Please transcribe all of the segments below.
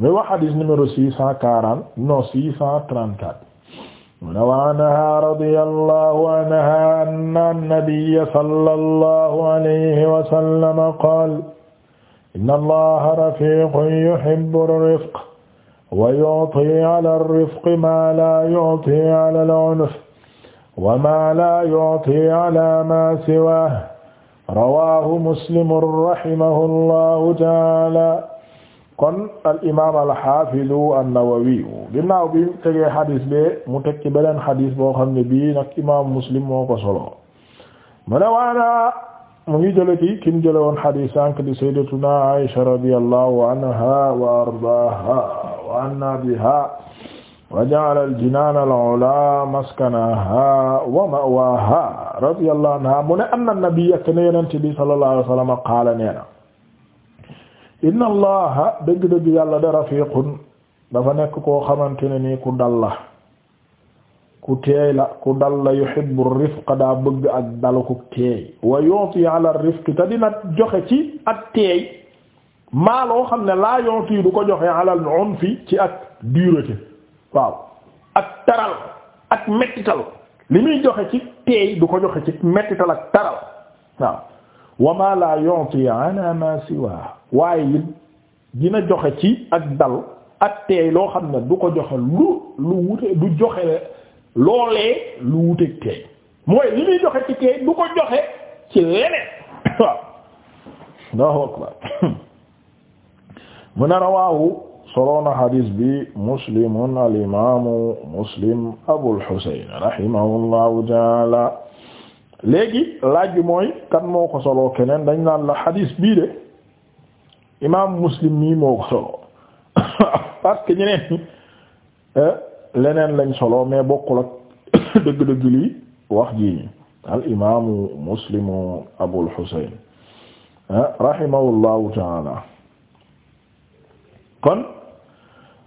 muy wax xadis numéro six cent quarante non six cent trente-quatre mu ne wa anha radiyallahu anha anna nabiyya sallallahu alayhi wa sallam qaala inna allaha rafiiqun yuhibbu ar-rifqa wa yu'tii 'ala ar-rifqi maa laa yu'tii 'ala al-'unfi wa maa laa yu'tii 'ala maa siwaahu rawaahu muslimun rahimahu allahu ta'aala kon al imaam al xaafizu an-Nawawi ginnaaw bi tegee xadis bee mu teg ci beneen xadis boo xam ne bii nag imaam Muslim moo ko solo mu ne waana mu ngi jële ci kim jële woon xadis sànq di sayyidatuna Aisha radiyallahu anha wa ardaaha wa anna biha wa ja'ala al-jinaan al-ulaa maskanaha wa ma'waaha radiyallahu anha mu ne anna nabiyya sallallahu alayhi wa sallam qaala nee na inna allaha dëgg-dëgg yàlla da rafiqun dafa nekk koo xamante ne nii ku dal la ku teey la ku dal la yuhibbu rifqa daa bëgg ak dalu ku teey wa yu'ti ala rifqi te dina joxe ci ak teey maa loo xam ne laa yu'ti du ko joxe ala al ci ak dureté waaw ak ak mettital li muy joxe ci teey du ko joxe ci mettital ak taral waaw wa ma la yu'ti ana ma siwa waaye it dina joxe ci ak dal ak teey loo xam ne du ko joxe lu lu wute du joxe loolee lu wuteeg teey mooy li muy joxe ci teey du ko joxe ci leneen waaw Allahu akbar mu ne rawaahu soloona hadis bi muslimun al imaamu muslim abul husayn rahimahullahu taala léegi laaj bi mooy kan moo ko soloo keneen dañ naan la xadiis bii de imaam muslim mii moo ko soloo parce que ñeneen eh, leneen lañ solo mais bokkul ak dëgg-dëgg lii wax jii al imaamu muslimu abul xuseyn eh, rahimahullahu taala kon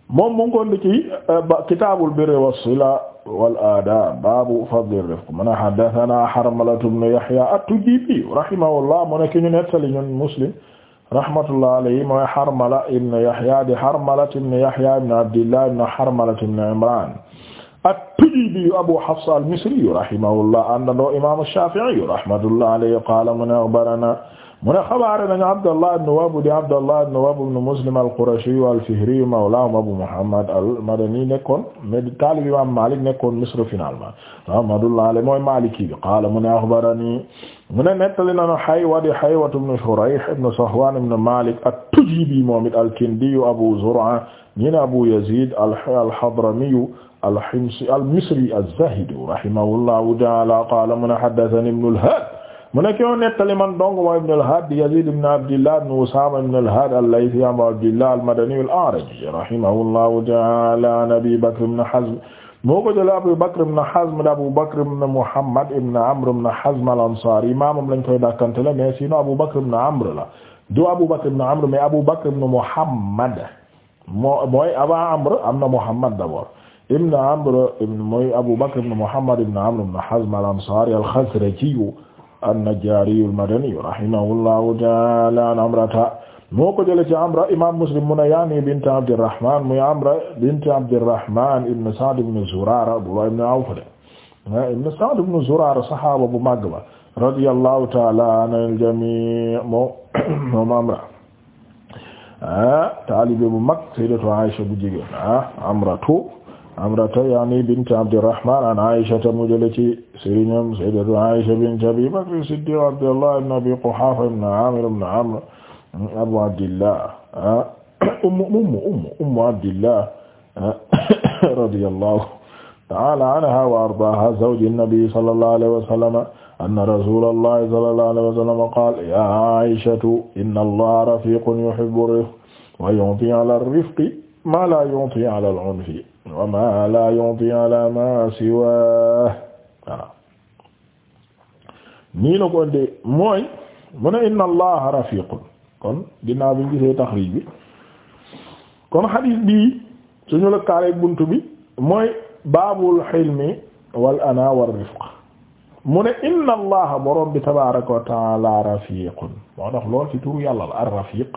moom mu ngi ko eh, kitaabul birri sila wal aadab baabu fadli rifq mu ne haddathana Harmalatu bnu Yahya at-Tujibi rahimahullah mu ne ki ñu nettali ñun Muslim rahmatullah alayhi mooy Harmala ibn Yahya di Harmala ibn Yahya ibn Abdillah ibn Harmala ibn Imran at-Tujibi Abu Hafs al-Misri rahimahullah àndandoo imaamu Shafi'i rahmatullah alayhi qaala mu ne axbarana mu ne xabaare nañu Abdallah ibn Wahb di Abdallah ibn Wahb ibn Muslim al-Qurashi al-Fihri mawlaahum Abu Muhammad al-Madani nekkoon mais taalib Imaam Maalik nekkoon Misr finalement rahmatullah alayhi mooy Maaliki bi qaala mu ne axbarani mu ne nettali nañu Haywa di Haywa ibn Shurayh ibn Sahwan ibn Maalik at-Tujibi moom it al-Kindi Abu Zur'a ñu ne Abu Yazid al-Hadrami al-Himsi al-Misri az-Zahidi rahimahullahu ta'ala qaala mu ne haddathani ibn al-Had mu ne ki nettali man dong wa ibn al-Hadd Yazid ibn Abdillah ibn Usaama ibn al-Hadd al-Laythi Abu Abdillah al-Madani al-A'raj rahimahullahu ta'ala an Abi Bakr ibn Hazm moo ko jëlee Abu Bakr ibn Hazm Abu Bakr ibn Muhammad ibn Amr ibn Hazm al-Ansari maamam lañ koy dàkkantele mais sinon Abu Bakr ibn Amr la du Abu Bakr ibn Amr mais Abu Bakr ibn Muhammad moo mooy avant Amr am na Muhammad d'abord ibn Amr mooy Abu Bakr ibn Muhammad ibn Amr ibn Hazm al-Ansari al-Khazraji an-Najjaari al-Madani rahimahullahu ta'ala an Amrata moo ko jëlee ci Amra imaam Muslim mu ne yaani bint Abdirrahman muy Amra bint Abdirrahman ibn Sa'd ibn Zurara Abdullah ibn Awf eh, ibn Sa'd ibn Zurara saxaaba bu màgg ba radiyallahu ta'ala anil jamii moom Amra eh, taalibe bu mag Sayyidatu Aisha bu jigéen ah, Amratu amrata yaani bint abdirahman an aisata mu jële ci sëriñam sayyidatu aisha bint abi bakr siddiq abdullah ibn abi quhafa ibn amir ibn amr abu abdillah ummu ummu ummu ummu abdillah radiyallahu ta'ala anha wa ardaaha zawji nabi sallallahu alayhi wa sallam anna rasulallahi sallallahu alayhi wa sallam qaala ya aishatu inna allaha rafiqun yuhibbu rifq wa yu'ti ala rifqi ma la yu'ti ala al-'unfi wa ma la yunti ala ma siwa waaw nii la ko ëndee mooy mu ne inna allaha rafiqun kon ginnaaw bi ñu gisee taxrij bi kon xadiis bii suñu la kaaleeg bunt bi mooy baabul xilmi wal ana war rifq mu ne inna allaha borom bi tabaaraka wa taala lool ci turu yàlla la ar rafiq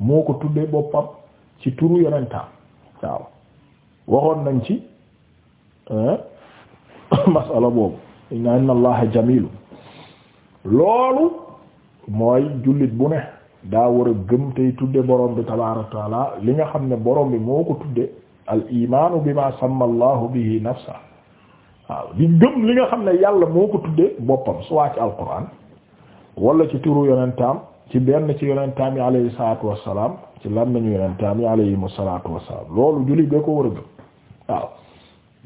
moo ko tuddee boppam ci turu yonentaam waaw waxoon nañ ci masala boobu inna allaha jamilu loolu mooy jullit bu ne daa war a gëm tey tudde borom bi tabaaraka taala li nga xam ne borom bi moo ko tudde al imaanu bima samma allahu bi nafsa waaw di gëm li nga xam ne yàlla moo ko tudde boppam soit ci alquran wala ci turu yonentaam ci benn ci yonentaam yi alayhi salaatu salaam ci lan nañu yonentaam yi alayhimu salaatu wassalaam loolu jullit bee ko war a gëm waaw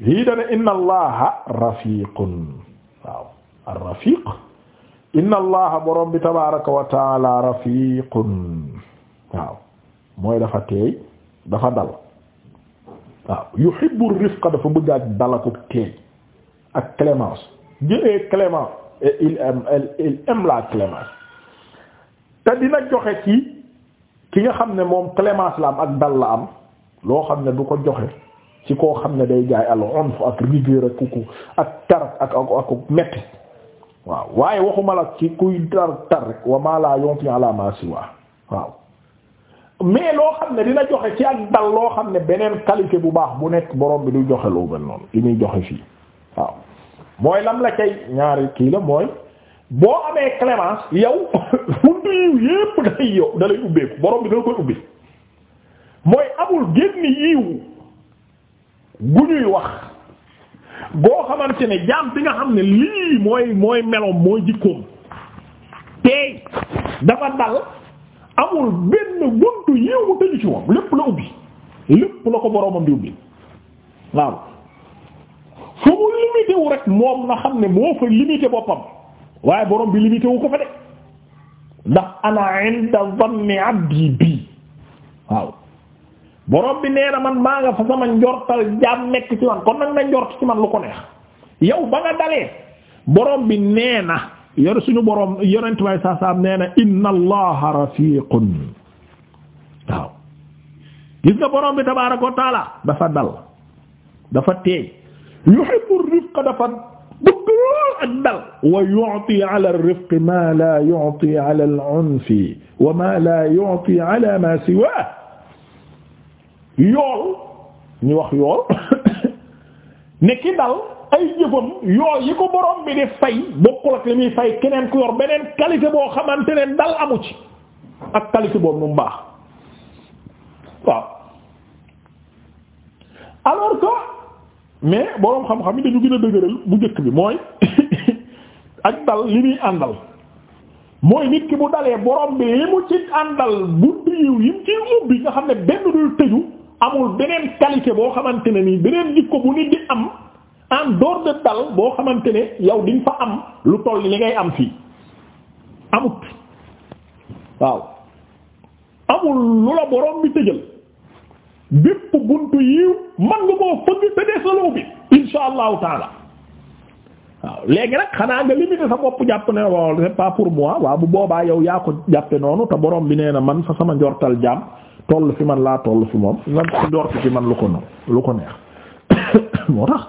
lii dana inna allaha rafiqun waaw rafiq inna allaha borom bi tabaraka wa taala rafiqun waaw mooy dafa teey dafa dal waaw yuhibbu rifqa dafa bëgg ak dalaku teey ak clémence jëlee clémence il aime la clémence te dina joxe ci ki nga xam ne moom clémence la am ak dal la am loo xam ne du ko joxe ci koo xam ne day jaay al ak rigueur ak tar ak ak metti waaw waaye waxuma la ci kuy tar tar rek wa maa laa yonti ala ma siwa waaw mais loo xam ne dina joxe ci ak dal loo xam ne beneen qualité bu baax bu nekk boroom bi du joxe lu mel noonu li joxe fii waaw mooy lam la kay ñaari kii la mooy boo amee clémence yow buntu yiw yépp day yow da ubbeeku borom bi dana koy ubbi mooy amul génn yiw gu ñuy wax boo xamante ne jaam bi nga xam ne lii mooy mooy meloom mooy jikkoom teey dafa dal amul benn buntu yiw tëju ci moom lépp la ubbi lépp la ko boroomam di ubbi waaw fu mu limité rek moom na xam ne moo fa limité boppam waaye borom bi limité wu ko fa de ndax ana inda dhanni abdi bii waaw borom bi nee na man maa nga fa sama njortal jaam nekk ci man kon nag na njort ci man lu ko neex yow ba nga dalee borom bi nee na yor suñu borom yonent way saa saam nee na inna allaha rafiqun waaw gis nga borom bi tabaaraka wa taala dafa dal dafa teey yuhibbu rifqa dafa bëgg lool ak dal wa yu'ti ala ar-rifqi ma la yu'ti ala al-'unfi wa ma la yu'ti ala ma siwaa yool ñu wax yool ne ki dal ay jëfam yool yi ko borom bi di fay bokkul ak li muy fay keneen ku yor beneen qualité boo xamante ne dal amu ci ak qualité boobu mu baax waaw alors que mais boroom xam-xam yi dañu gën a dëgëral bu njëkk bi mooy ak dal li muy àndal mooy nit ki bu dalee borom bi li mu ci àndal bu yiw yi mu ci ubbi nga xam ne benn dul tëju amul beneen qualité boo xamante ne nii beneen jikko bu nit di am en de dal boo xamante ne yow di nga fa am lu toll li ngay am fii amut waaw amul lu la borom bi tëjal bépp buntu yiw man nga koo fëgg te dee saloo bi insha allahu taala waaw léegi nag xanaa nga limité sa bopp jàpp ne waaw c'est pas pour moi waa bu boobaa yow yaa ko jàppe noonu te borom bi nee na man fa sama njortal jaam toll fi man laa toll fi moom na man lu ko no lu neex moo tax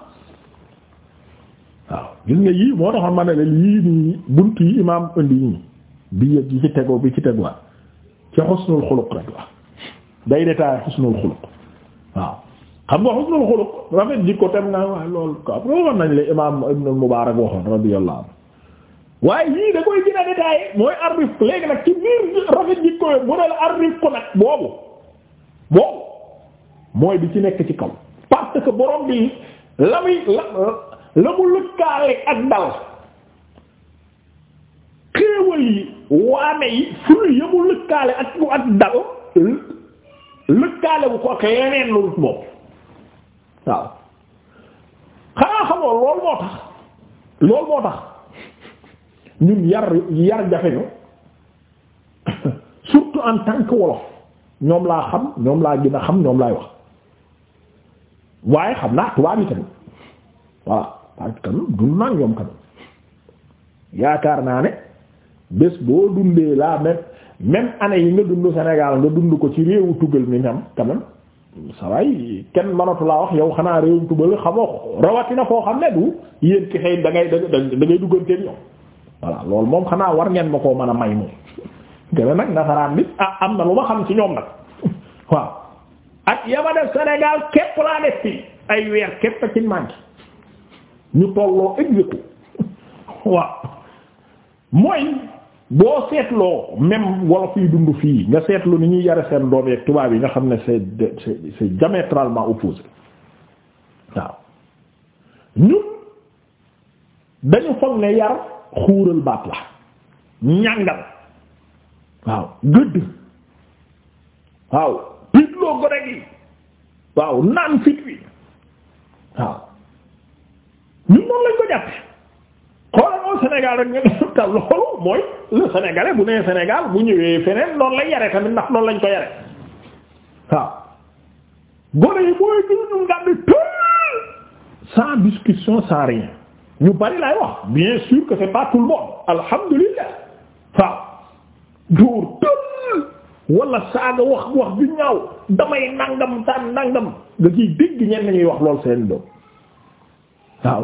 waaw gis nga yii moo taxoon ma ne la yii nii bunt yi imaam indi yi bi yëg yi ci tegoo bi ci teguwaat ci xusnul xuluq rek la day détaillé xusnul xuluq waaw xam nga xusnul xuluq rafet jikko tem nga waaye loolu ko après waxoon nañ la imaam ibnul mubaarak waxoon radiyallahu waaye yii da koy gën a détaillé mooy arrif léegi nag ci biir rafet jikko mu ne la arrif ko nag boobu boobu mooy bi ci nekk ci kaw parce que borom bi la muy la la mu lëkkaale ak dal xéewal yi waame yi fruit ya mu lëkkaale ak bu ak dal lëkkaale bu ko ak lu moom waaw xanaa xamoo loolu moo tax loolu moo tax ñun yar yar jafe ñu surtout en tant wolof ñoom laa xam ñoom laa gën a xam ñoom laay wax waaye xam naa tubaab yi tamit voilà parce dund naa ñoom kanam yaakaar naa ne bés boo dundee laa même même année yi nga dund Sénégal nga dund ko ci réewu tugal mi ñam kanam sawaay kenn mënatu laa wax yaw xanaa réewum tugal xamoo ko rawatina koo xam ne du yéen ki xëy da ngay da ngay dugganteel ñoom voilà loolu moom xanaa war ngeen ma koo mën a may moom gën nag nasaraan bi ah am na lu ma xam ci ñoom nag waaw ak yama Sénégal képp laa def fi ay weer képp ci manqué ñu tolloo execo waaw mooy boo seetloo même wolof yu dund fii nga seetlu ni ñuy yare seen doom yeeg tubaab yi nga xam ne c'est c'est c'est diamétralement opposé waaw ñun dañu foog ne yar xuural baat la ñàngal waaw gëdd waaw piitloo gone gi waaw naan fit wi waaw ñun noonu lañ ko jàppe xoolal moom Sénégal rek nga ta bu nee Sénégal bu ñëwee feneen noonu lay yare tamit ndax noonu lañ ko yare waaw gone yi mooy ñu ngàndi tëll sans discussion sans rien ñu bari lay wax bien sûr que c'est pas tout le monde alhamdulillah dóor tëll wala saaga wax wax bi ñaaw damay nangam tan nangam nga ciy dégg ñenn ñuy wax lool seen doom waaw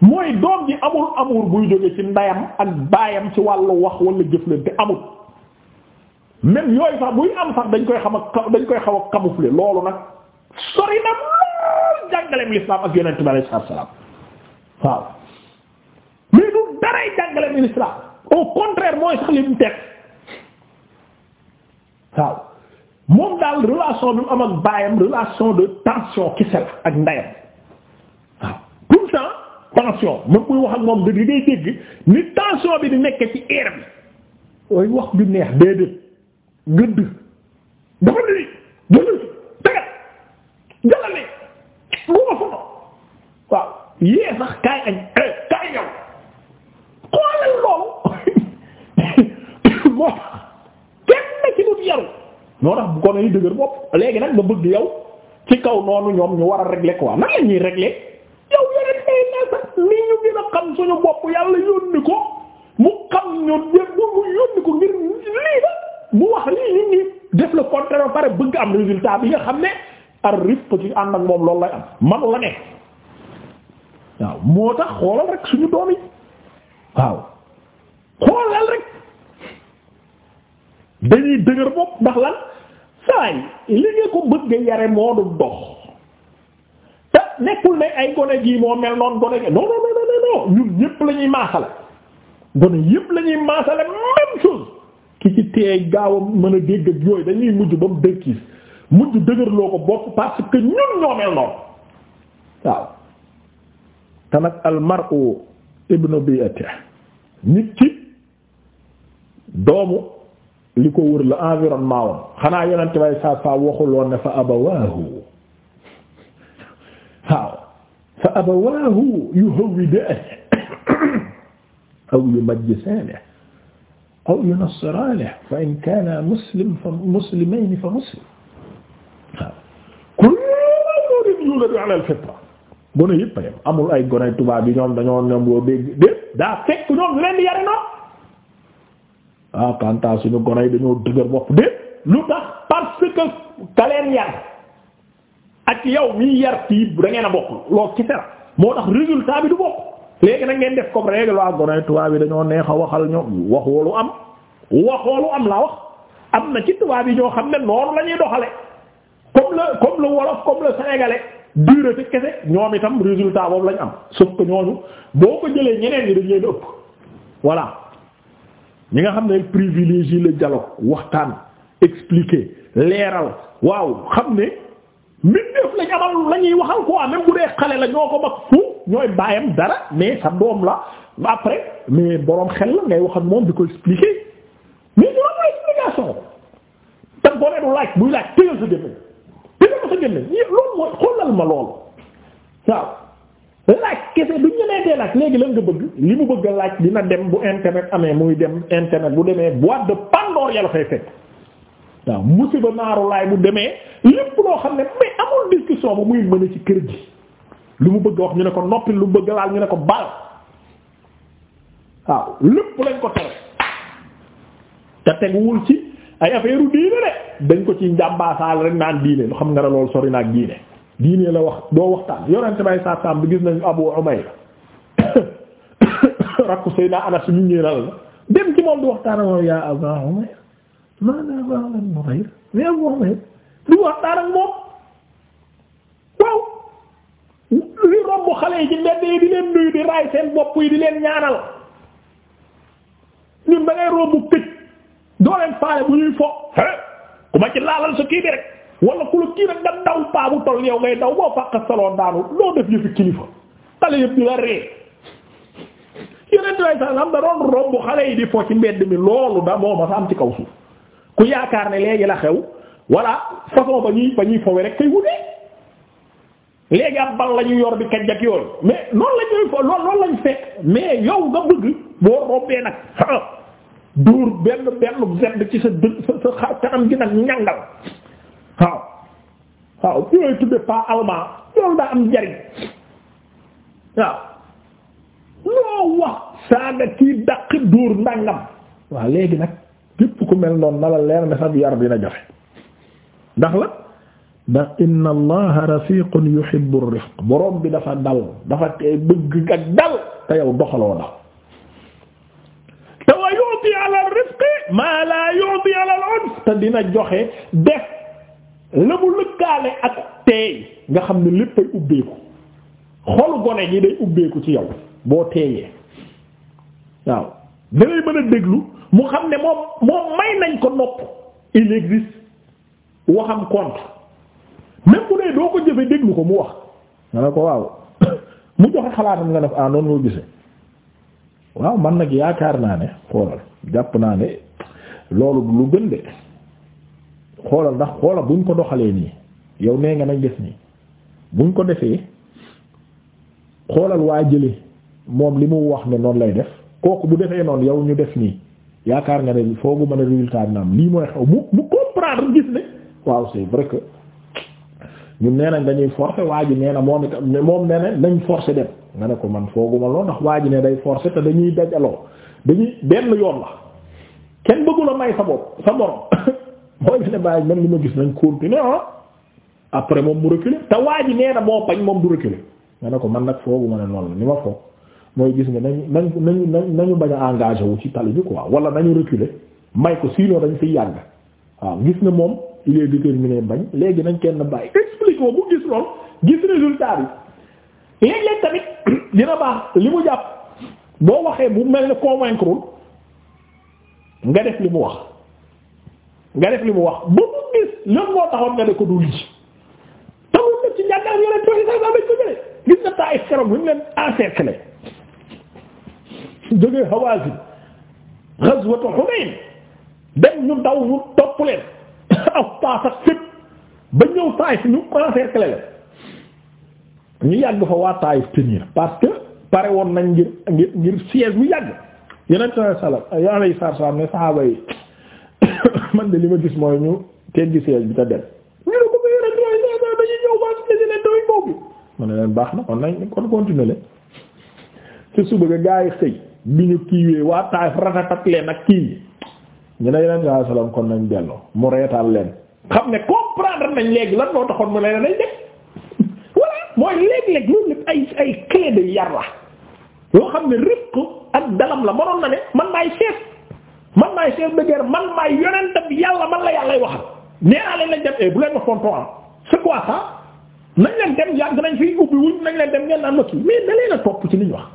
mooy doom ji amul amour buy jóge ci ndeyam ak baayam ci wàllu wax wala jëflante amul même yooyu sax buy am sax dañ koy xam ak dañ koy xaw a camoufler loolu nag sori na lool jàngaleem l'islam ak yonent bi sallallahu waaw au contraire mooy sax li mu teg waaw moom daal relation bi mu am ak baayam relation de tension kese la ak ndeyam waaw tout le temps tension même muy wax ak moom dëgg day dégg ni tension bi di nekkee ci air bi ooy wax ju neex déedéet gëdd dafa dëgg gëdd tegat jalale bu ma waaw yee sax kaay añ moo tax kenn ci dut yaru ñoo tax bu ko dëgër bopp léegi nag nga bëgg yow ci kaw noonu ñoom ñu war a régler quoi nan la ñuy régler yow yeneen ay naasa ni ñu gën a xam suñu bopp yàlla yónni ko mu xam ñun yëpp mu yónni ko ngir lii la mu wax lii ñu ngi def le contraire ba pare bëgg am résultat bi nga xam ne ar rifq ci ànd ak moom loolu lay am manu la ne waaw moo tax xoolal rek suñu doom yi waaw xoolal rek. dañuy dëgër bopp ndax lan saay li nga ko bëgg yare moo du dox te nekkul ne ay gone gii moo mel noonu gone gi non non non non non ñun ñépp la ñuy gone yépp la ñuy maasale même ki ci teey gaaw mën a dégg ak yooyu dañuy mujj ba mu dëkkiis mujj dëgërloo ko bopp parce que ñun ñoo mel noonu waaw te nag al mar'u ibnu bi'atihi nit ci doomu li ko wër la environnement woon xanaa yonent bay saa saa waxuloon ne fa abawaahu waaw fa abawaahu yuhawwidaani aw yumajjisaani aw yunassiraani fa in kaana muslim fa muslimayni fa muslim waaw kullu mawludin yuladu ala al-fitra gone yëpp a yem amul ay gone tubaab yi ñoom dañoo ñoom boo dégg dégg daa fekk ñoom leen di yare noonu ah kanta suñu gone yi dañoo dëgër bopp de lu tax parce que ka yar ak yow miy yar tiib da ngeen a bokk lool ci sera moo tax résultat bi du bokk léegi nag ngeen def comme règle bi dañoo neex a waxal ñoom waxoolu am waxoolu am la wax am na ci tubaab yi ñoo xam ne noonu la ñuy doxale comme le comme le wolof comme le sénégalais durée ci kese ñoom itam résultat boobu lañ am sauf que ñooñu boo ko jëlee ñeneen ñi dañ leen ëpp voilà ñi nga xam ne privilégier le dialogue waxtaan expliquer leeral waaw xam ne mbindeef lañ amal la ñuy waxal quoi même bu dee xale la ñoo ko mag fu ñooy bàyyam dara mais sa doom la après mais boroom xel la ngay wax moom di ko expliquer mais ñu laaj buy laaj tëgal sa gémmiñ sa gémmiñ loolu mooy xoolal ma loolu waaw laaj kese du ñu nee dee laaj léegi lan nga bëgg li mu bëgg laaj dina dem bu internet amee muy dem internet bu demee bu boîte de Pandore yàlla fay fekk waaw musiba naaru laay bu demee lépp loo xam ne mais amul discussion bu muy mën ci kër gi lu mu bëgg wax ñu ne ko noppi lu mu bëgg laal ñu ne ko bal waaw lépp lañ ko tere te teguwul ci ay affaire diine de dañ ko ci njàmbaasaal rek naan diine lu xam nga ne loolu sori na ak diine. diine la wax doo waxtaan yonent bay saa saam bi gis nañu Abu Umayr rakku Seydina Anas ñu ñëw la dem ci moom di waxtaan ak yaa Aba Umayr maanaam Aba Umayr xale yi ci mbedd yi di leen nuyu di raay seen bopp yi di leen ñaanal ñun da ngay romb doo leen faale bu ñuy fo. ku ma ci laalal sa kii bi rek. wala ku la kii rek nga daw paa bu toll yow ngay daw boo fàq saloon daanu loo def yëfi kilifa xale yëpp di la ree yeneen lay sax am da doon romb xale yi di fo ci mbedd mi loolu da moo ma sa am ci kaw suuf ku yaakaar ne léegi la xew walla façon ba ñuy ba rek kay wutee léegi ab bal la ñu yor di kajjak yoon mais la ñuy fo lool loolu lañ fekk mais yow nga bëgg boo rombee nag dóor benn benn ci sa dë sa sa kanam gi nag ñangal waaw waaw bu ñooy tudde pas allemand loolu daa am njariñ waaw loo wax saaga daq dóor ndàngam waaw léegi nag képp ku mel noonu na la leer ne sax yar dina jafe ndax la ndax inna allaha rafiqun yuhibbu rifq bi dafa dal dafa tey bëgg nga dal te yow doxaloo dal te wa yu'ti ala rifqi ma la yu'ti ala al-unf te dina joxe def la mu lëkkaale ak teey nga xam ne lépp ay ubbeeku xolu gone gi day ubbeeku ci yow boo teeyee waaw dalay mën a déglu mu xam ne moom moom may nañ ko nopp il existe waxam compte même bu dee doo ko jëfee déglu ko mu wax nga ne ko waaw mu joxe xalaatam nga def ah noonu nga gisee waaw man nag yaakaar naa ne xoolal jàpp naa ne loolu lu gën de xoolal ndax bu buñ ko doxalee nii yow nee nga nañ def nii buñ ko defee xoolal waa jële moom li mu wax ne noonu lay def kooku bu defee noonu yow ñu def nii yaakaar nga ne foogu mën a résultat bi am mooy xew mu ne waaw c'est vrai que ñun nee nañ dañuy forcer waa ji nee na moom itam moom nee nañ forcer dem nga ne ko man fooguma lool ndax waa ji ne day forcer te dañuy dajaloo dañuy benn yoon la kenn bëggula may sa bopp sa morom boo bi ne bàyyi man li ma gis nañ continuer ah après moom mu reculer te waa ji nee na moo bañ moom du reculer nga ne ko man nag foogu ma ne noonu la li ma foog mooy gis nga nañu nañu nañu nañu bañ a engagé wu ci tali bi quoi wala nañu reculer may ko sinon dañ fi yàgg waaw gis nga moom il est déterminé bañ léegi nañ kenn bàyyi explique bu gis lool gis résultat bi léeg-léeg tamit dina baax li mu jàpp boo waxee bu mel ne convaincre nga def li mu wax. nga def li mu wax ba mu gis lan moo taxoon nga ne ko dul ji te mu def ci njàngaan yore tool yi sax daal dañ ko jëlee gis nga bu ñu leen encercler jógee Hawazin ghazwatu Hunayn dem ñu daw leen ak paas ak leen ñu yàgg woon nañ ngir ngir ngir siège bu yàgg yeneen sallallahu ne saxaaba yi li ma gis mooy ñu teggi siège bi ta dem ñu ne ko yore diwaan dañuy ñëw ba si ne doy boobu. ma ne leen baax na kon nañ kon continuer leen ci suba ga gaa yi xëy bi ñu kiiwee waa taaf ak kii ñu ne yeneen saa salaam kon nañ delloo mu reetaal leen. xam ne comprendre nañ léegi lan moo taxoon mu ne nañ dem voilà mooy léeg-léeg loolu ay ay clé de yar la yoo xam ne rëq ak dalam la mënoon na ne man maay chef. man maay chef de guerre man maay yonentam yàlla man la yàllay waxal nee naa leen lañ dem eh, bu leen ma fonton am c'est quoi ça dem yàgg nañ fi ubbi wuñ nañ leen dem ngeen naan ma kii mais da topp ci li ñu wax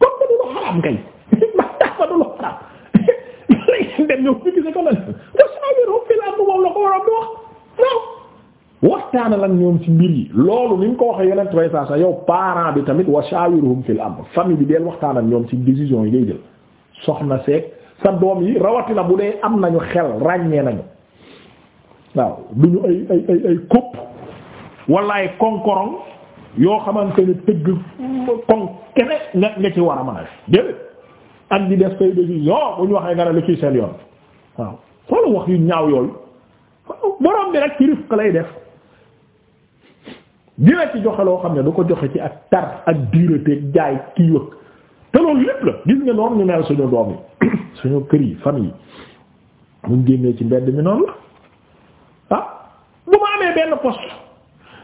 kon ko du lu xaraam man tax ma du lu xaraam lañ leen dem ñëw fi gise ko la wasawirom wax waaw lan ñoom ci mbir yi loolu ko waxee yonent sa yow parent bi tamit wasawiruhum fil amr famille bi deel waxtaan ak ñoom ci décision yi ngay jël soxna seek sa doom yi rawatina bu dee am nañu xel ràññee nañu waaw du ay ay ay ay kópp wala ay konkorong yoo xamante ne tëgg kon kene nga nga ci war a mën a def ak di def say décision bu ñu waxee nga ne lu ciy seen yoon waaw xoolal wax yu ñaaw yooyu borom bi rek ci rifq lay def dina ci joxe loo xam ne du ko joxe ci ak tar ak dureté jaay kii te loolu lépp la gis nga noonu ñu mel suñu doom yi suñu kër yi famille yi génnee ci mbedd mi noonu la ah, bu ma amee benn poste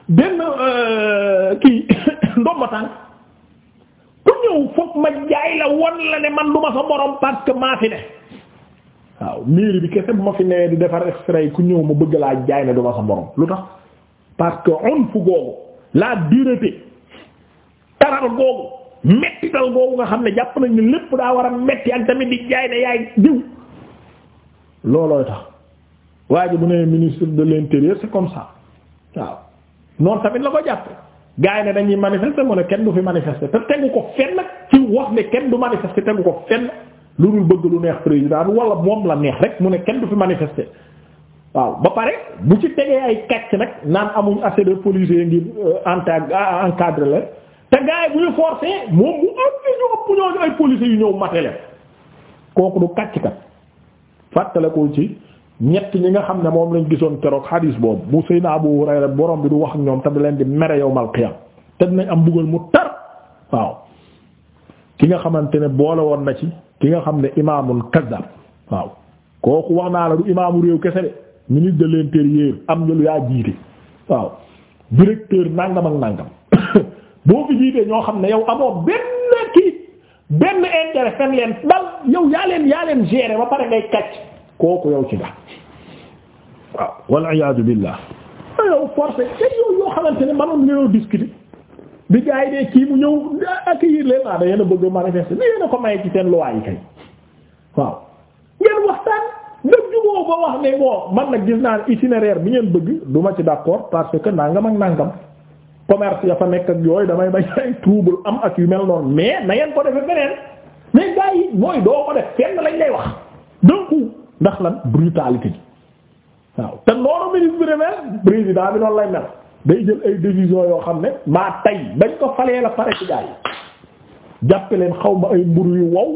benn euh, kii ndomba tànk ku ñëw foog ma jaay la won la ne man du sa borom parce que maa ne waaw mairie bi kese bu ma fi newee di defar extrait ku ñëw ma bëgg laa jaay ne du ma sa borom lu tax parce que on googu la dureté tarar googu mettital boobu nga xam ne jàpp nañ lépp daa war a metti ak tamit di jaay ne yaay diw loolooy tax waa ji bu nee ministre de l'intérieur c'est comme ça waaw noonu tamit la ko jàpp gars yi ne dañuy manifester mu ne kenn du fi manifester te tegu ko fenn ci wax ne kenn du manifester tegu ko fenn lu dul bëgg lu neex président wala moom la neex rek mu ne kenn du fi manifester waaw ba pare bu ci tegee ay kàcc nag naan amuñ assez de policiers ngir euh, encadre encadrer te gars yi bu ñu forcé moom mu am li ñu ëpp yu ñëw matele kooku du kàcc fàttale ko ci ñett ñi nga xam ne moom lañ gisoon keroog hadis boobu bu Seydina Abu Hurayra borom bi du wax ak ñoom te da leen di mere yawmal qiyaam te dinañ am buggal mu tar waaw ki nga xamante ne boole woon na ci ki nga xam ne imaamun kazzab waaw kooku wax naa la du imaamu réew kese de ministre de l'intérieur am ñu lu yaa jiite waaw directeur nangam ak boo fi jiitee ñoo xam ne yow amoo benn kii benn intérêt fen leen dal yow yaa leen yaa leen gérer ba pare ngay kàcc kooku yow ci nga waaw wal iyaadu billah yow forcé te yow yoo xamante ne manoon ngeenoo discuter kii ñëw naa ah, da yéen a bëgg manifester li yéen a ko maye ci seen loi yi kay waaw ngeen waxtaan dëgg juboo ba wax ne bon man nag gis naa itinéraire bi ngeen bëgg duma ci d'accord parce que mag ak nangam commerce ya fa nekk ak yooyu damay bañ ay trouble am ak yu mel noonu mais na ngeen ko defee beneen mais gars yi mooy doo ko def fenn lañ lay wax donc ndax lan brutalité bi waaw te noonu ministre bi demee président bi noonu lay mel day jël ay décision yoo xam ne maa tey dañ ko falee la pare si gars yi jàppe leen xaw ma ay mburu yu wow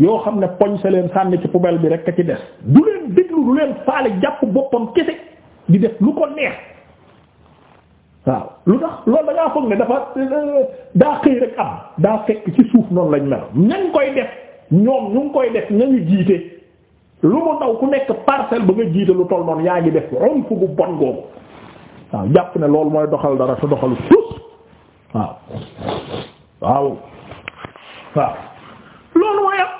yoo xam ne poñse leen sànni ci poubelle bi rek a ci des du leen déglu du leen faale jàpp boppam kese di def lu ko neex. waaw lu tax lool da ngaa foog ne dafa daa xëy rek am daa fekk ci suuf noonu lañ mel ngi koy def ñoom ñu ngi koy def ñañu jiite lu mu daw ku nekk parcelle bu nga jiite lu toll noonu yaa ngi def ron fu bu bon googu waaw jàpp ne loolu mooy doxal dara te doxalu suuf waaw waaw loolu mooy am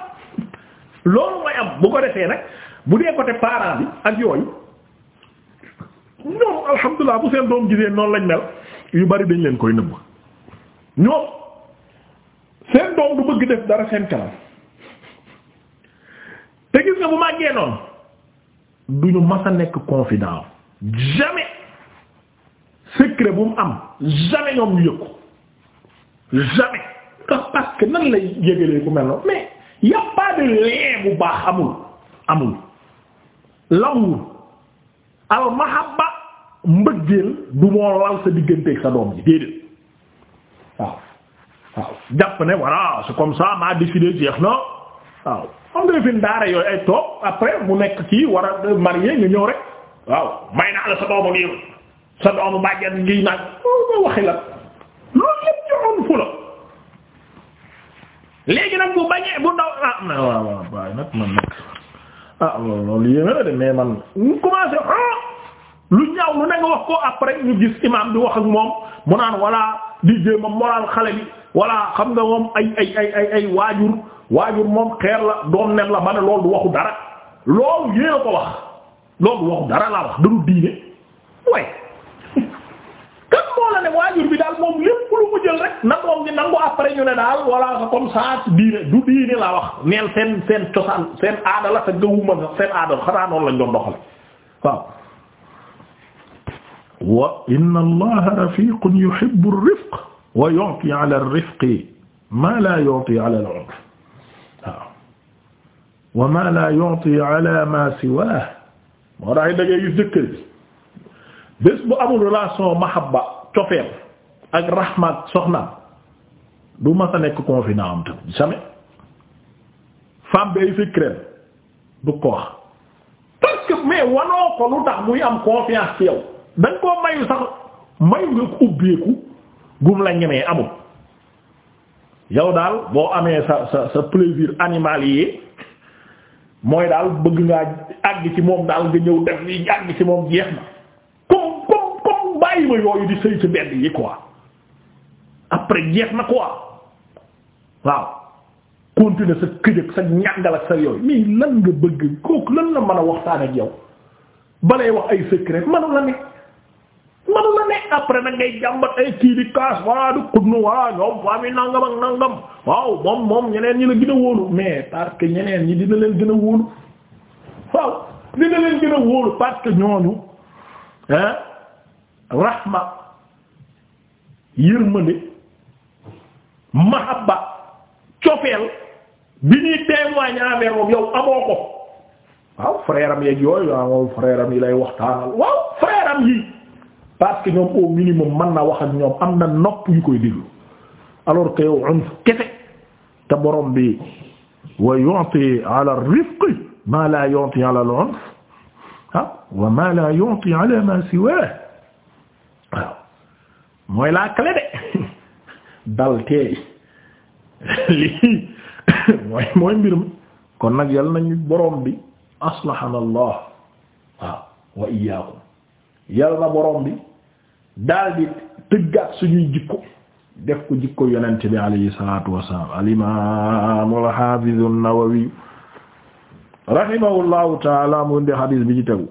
loolu mooy am bu ko defee nag bu dee ko côté parent bi ak yooyu ñoom alhamdulilah bu seen doom gisee noonu lañ mel yu bari dañ leen koy nëbb ñoom seen doom du bëgg def dara seen kanam te gis nga bu màggee am jamais ñoom ñu yëg jamais ndax parce nan lay yëgalee ku mel noonu mais y de lien bu baax amul amul lawul. al mahabba mbëggeel du moo lal sa digganteeg sa doom ji déedéet waaw waaw jàpp ne voilà c'est comme ça ma décidé jeex na waaw am nga fi ndaara yooyu ay toog après mu nekk kii war a marié ñu ñëw may naa la sa doomu nii sa doomu bàjjan ngi nag loolu waxi la loolu lépp joxoon fu la léegi nag bu bañee bu ndaw ah mais waaw waaw waaye nag man nag ah loolu yéeme na de mais man commencé ah, lu ñaaw lu ne wax ko après ñu gis imaam bi wax ak moom mu naan walla di jéema moral xale bi walla xam nga moom ay ay ay waajur waajur moom xeer la doom nen la ma ne loolu du waxu dara loolu yéena ko wax loolu waxu dara laa wax dadu diine way kan moo la ne waajur bi daal moom lépp lu mu jël rek na doom gi nangu après ñu ne daal walla comme ça diine du diine laa wax neel seen seen cosaan seen aada la sa gëwuma seen aada xanaa noonu lañ doon doxale wa inna allaha rafiqun yuhibbu ar-rifq wa yu'ti 'ala ar-rifqi ma la yu'ti 'ala al-'urf waaw wa ma la yu'ti 'ala ma siwaahu moo tax da ngay gis jëkkër bi bés bu amul relation mahabba cofeel ak rahmat soxnaam du mas a nekk confident am tam jamais femme bi ay secret du ko wax parce que mais wanoo ko lu tax muy am confiance ci yow dañ koo mayu sax mayu nga ubbeeku gum la ñemee amul yow daal boo amee sa sa sa plaisir animalier mooy daal bëgg ngaa àgg ci moom daal nga ñëw def li àgg ci moom jeex na comme comme comme bàyyi ma yooyu di sëy ci mbedd yi quoi après jeex na quoi waaw continuer sa këjëg sa ñàngal ak sa yooyu mais lan nga bëgg kooku lan la mën a waxtaan ak yow balay wax ay secret manu la après nag ngay jàmbat ay kii di kaas waa du xudnu waa ñoom famille nangam ak nangam waaw moom moom ñeneen ñi la gën a wóolu mais parce que ñeneen ñi dina leen gën a wóolu waaw dina leen gën a wóolu parce que ñooñu ah rahma yërmande mahabba cofeel bi ñuy témoigner envers moom yow amoo ko waaw frère am yooyu waaw frère am yi lay waxtaanal waaw frère yi parce que ñoom minimum mën na wax ak ñoom am na nopp yu koy déglu alors que yow unf kese te bi wa yu'ti ala rifqi ma ah, wa ma la yu'ti ala ma mooy mooy mooy kon nag yal nañu borom bi aslahana allah waaw wa iyyakum yal na borom bi daal di tëggaat suñuy jikko def ko jikko yonent bi alayhi salatu wasalaam al imam al hafiz an-Nawawi rahimahullahu taala mu ndi hadis bi ci tegu